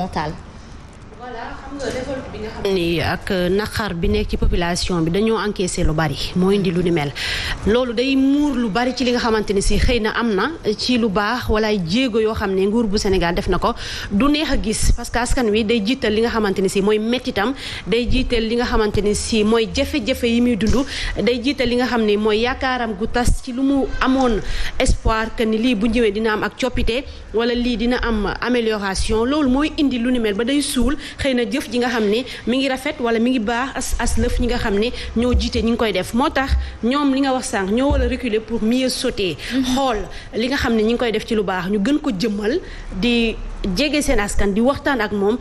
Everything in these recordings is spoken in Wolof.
mentale voilà ak naqar bi nekk ci population bi dañoo encaissé lu bari moo indi lu ni mel loolu day muur lu bari ci li nga xamante ni si xëy na am na ci lu baax wala ay jéego yoo xam ne nguur bu Sénégal def na ko du neex a gis parce que askan wi day jiital li nga xamante ni si mooy mettitam day jiital li nga xamante ni si mooy jafe-jafe yi muy dund day jiital li nga xam ne mooy yaakaaram gu tas ci lu mu amoon espoir que ni lii bu ñëwee dina am ak coppite wala lii dina am amélioration loolu mooy indi lu ni ba day suul xëy na jëf ji nga xam ne mi ngi rafet wala mi ngi baax as as lëf ñi nga xam ne ñoo jiite ñi ngi koy def moo tax ñoom li nga wax sànq ñoo war a reculer pour mieux sauter. Mm-hmm. xool li nga xam ne ñi ngi koy def ci lu baax ñu gën ko jëmal di jege seen askan di waxtaan ak moom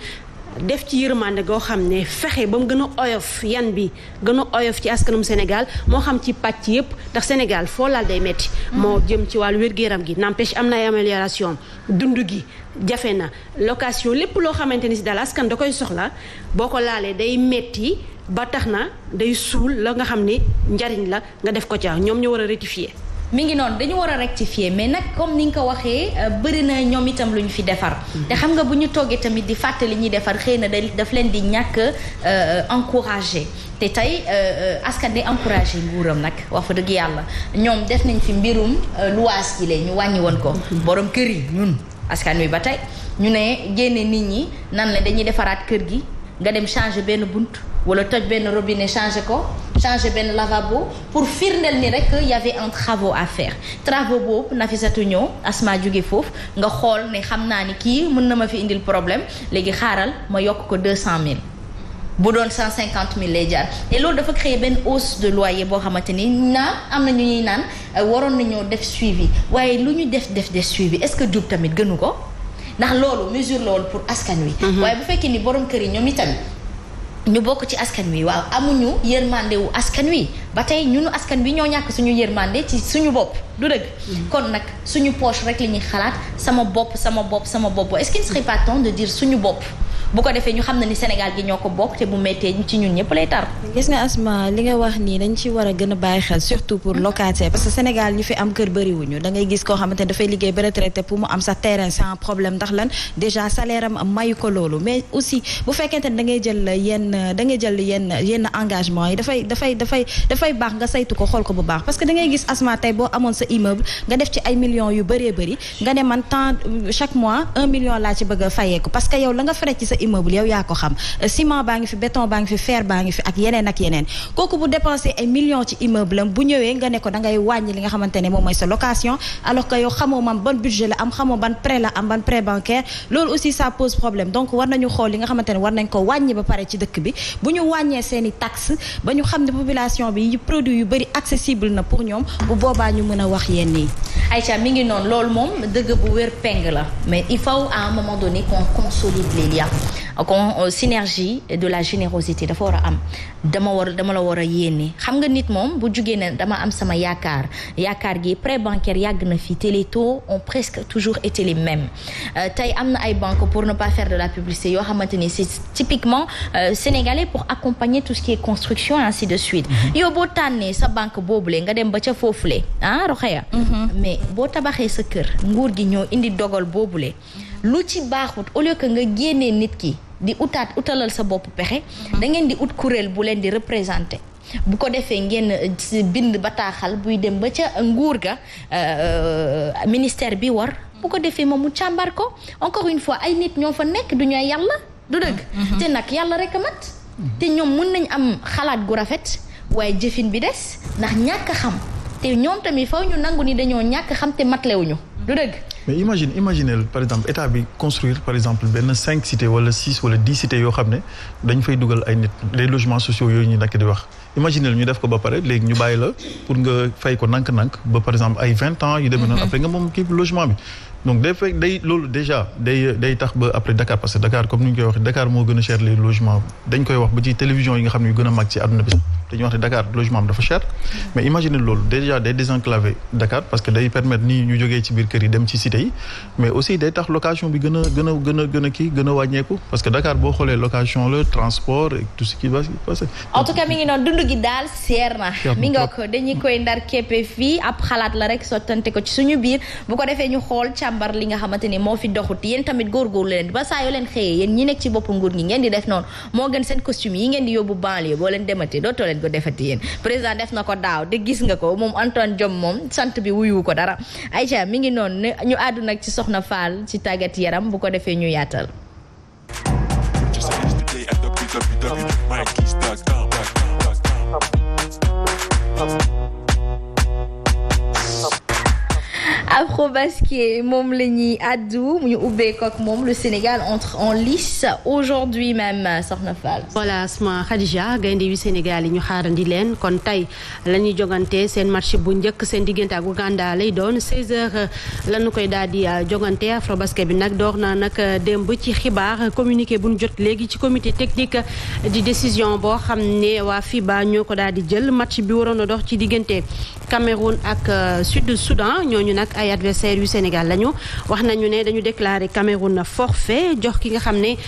def ci yërmande goo xam ne fexe ba mu gën a oyof yan bi gën a oyof ci askanum Sénégal moo xam ci pàcc yëpp ndax Sénégal foo laal day metti mm-hmm. moo jëm ci wàllu wér-gu-yaram gi n'empêche am na ay dund gi jafe na location lépp loo xamante ni si daal askan da koy soxla boo ko laalee day metti ba tax na day suul la nga xam ni njariñ la nga def ko ca ñoom ñu war a rectifier mi ngi noonu dañu war a rectifier mais nag comme ni nga ko waxee euh, bëri na ñoom itam lu ñu fi defar. te xam nga bu ñu toggee tamit di fàttali ñuy defar xëy na daf leen di ñàkk euh, encouragé te tey euh, askan di encouragé nguuram nag wax fa dëgg yàlla ñoom def nañ fi mbirum luwaas yi lee ñu wàññi woon ko. boroom kër yi ñun askan wi ba tey ñu ne génne nit ñi nan la dañuy defaraat kër gi nga dem changer benn bunt wala toj benn robinet changer ko. changé benn lavabo pour firndeel ni rek y avait un travaux à faire travaux boobu Nafisatu ñëw asma jóge foofu nga xool ne xam naa ni kii mën na ma fi indil problème léegi xaaral ma yokk ko deux cent mille bu doon cent cinquante mille lay jaar et loolu dafa créer benn hausse de loyer boo xamante ni naam am na ñu ñuy naan euh, waroon nañoo def suivi waaye lu ñu def def def suivi est-ce que jub tamit gënu ko ndax loolu mesure loolu pour askan wi. Mm-hmm. waaye bu fekkee ni borom kër yi ñoom itam ñu bokk ci askan wi waaw amuñu yërmande wu askan wi ba tey ñunu askan wi ñoo ñàkk suñu yërmande ci suñu bopp du dëgg. Mm. kon nag suñu poche rek li ñuy xalaat sama bopp sama bopp sama bopp est-ce qu'il pas temps de dire suñu bopp. bu ko defee ñu xam ne ni Sénégal gi ñoo ko bokk te bu méttee ci ñun ñëpp lay tar. gis nga Asma li nga wax nii dañ ci war a gën a bàyyi xel surtout pour locataire parce que Sénégal ñu fi am kër bëriwuñu da ngay gis koo xamante ne dafay liggéey ba retraité pour mu am sa terrain sans problème ndax lan déjà salaire am mayu ko loolu mais aussi bu fekkente ne da ngay jël yenn da ngay jël yenn yenn engagement yi dafay dafay dafay dafay baax nga saytu ko xool ko bu baax parce que da ngay gis Asma tey boo amoon sa immeuble nga def bëree bëri nga ne a fayee ko la nga fere ci immeuble yow yaa ko xam ciment baa ngi fi béton baa ngi fi fer baa ngi fi ak yeneen ak yeneen kooku bu dépensé ay millions ci immeuble am bu ñëwee nga ne ko da ngay wàññi li nga xamante ne moom mooy sa location alors que yow xamoo man ban budget la am xamoo ban prêt la am ban prêt bancaire loolu aussi ça pose problème donc war nañu xool li nga xamante ne war nañ ko wàññi ba pare ci dëkk bi bu ñu wàññee seeni i ba ñu xam ne population bi produit yu bëri accessible na pour ñoom bu boobaa ñu mën a wax yenn yi Aïcha mi ngi noonu loolu moom dëgg bu wér peng la mais il faut à un moment donné qu'on kon euh, synergie de la générosité dafa war a am dama war dama la war a yéene xam nga nit moom bu jugee ne dama am sama yaakaar yaakaar gi prêt bancaire yàgg na fi te les taux ont presque toujours été les même euh, tey am na ay banque pour ne pas faire de la publicité yoo xamante ni c'est typiquement euh, sénégalais pour accompagner tout ce qui est construction ainsi de suite mhm. yow boo tànnee sa banque boobulee nga dem ba ca foofule ah mhm. mais boo tabaxee sa kër nguur gi ñoo indi dogal boobule lu ci baaxut au que nga génnee nit ki di utaat utalal sa bopp pexe mhm. da ngeen di ut kuréel bu leen di représenté bu ko defee ngeen euh, bind bataaxal buy dem ba ca nguur ga euh, ministère bi war bu ko defee ma mu càmbar ko encore une fois ay nit ñoo fa nekk du ñu ay yàlla du dëgg mhm. te nag yàlla rek a mat te ñoom mën nañ am xalaat gu rafet waaye jëfin bi des ndax ñàkk xam te ñoom tamit faw ñu nangu ni dañoo ñàkk xam te matlewuñu du dëgg mais imagine imaginez par exemple état bi construire par exemple benn cinq cités wala six wala dix cités yoo xam ne dañ fay dugal ay nit les logements sociaux yooyu ñu nekk di wax imaginez ñu def ko ba pare léegi ñu bàyyi la pour nga fay ko nank-nank ba par exemple ay vingt ans yu deme noonu mhm. après nga moom kii logement bi donc day fekk day loolu déjà day day tax ba après Dakar parce que Dakar comme ni ñu koy waxee Dakar moo gën cher les logements dañ koy wax ba ci télévision yi nga xam ne yu gën mag ci àdduna bi dañuy wax ne Dakar logement Dakar que day permettre nii ñu jógee ci biir a gën a gën a gën boo xoolee location la transport et tout ce qui va se passer en tout ngi noonu dund gi daal seer na mi nga ko dañuy koy ndar képpe fii ab xalaat la rek sottante ko ci suñu biir bu ko defee ñu xool càmbar li nga xamante ni moo fi doxut yéen tamit góorgóorlu leen ba saa yoo leen xëyee yéen ñi nekk ci bopp nguur gi ngeen di def noonu moo gën seen costume yi ngeen di yóbbu banlieue boo leen dematee dootoo leen ko defati yéen président def na ko daaw de gis nga ko moom Antoine Diome moom sant bi wuyu ko dara Aïcha mi ngi noonu ñu àddu nag Soxna Fall ci tàggat yaram bu ko defee ñu yaatal Afrobasket moom la ñuy àddu ñu ubbeeku ak moom le Sénégal entre en lice aujourd'hui même Soxna Fall. voilà Asma Khadija gaynde Sénégal yi ñu xaarandi leen kon tey la ñuy jogante seen match bu njëkk seen diggante ak Ouganda lay doon 16h la ñu koy daal di euh, jogante Afrobasket bi nag door na nag euh, démb ci xibaar communiqué bu ñu jot léegi ci comité technique euh, di décision boo xam ne waa FIBA ñoo ko daal di jël match bi waroon a dox ci diggante Cameroun ak Sud Soudan ñooñu nag ay adversaires yu Sénégal lañu wax nañu ne dañu déclaré na forfait jox ki nga xam ne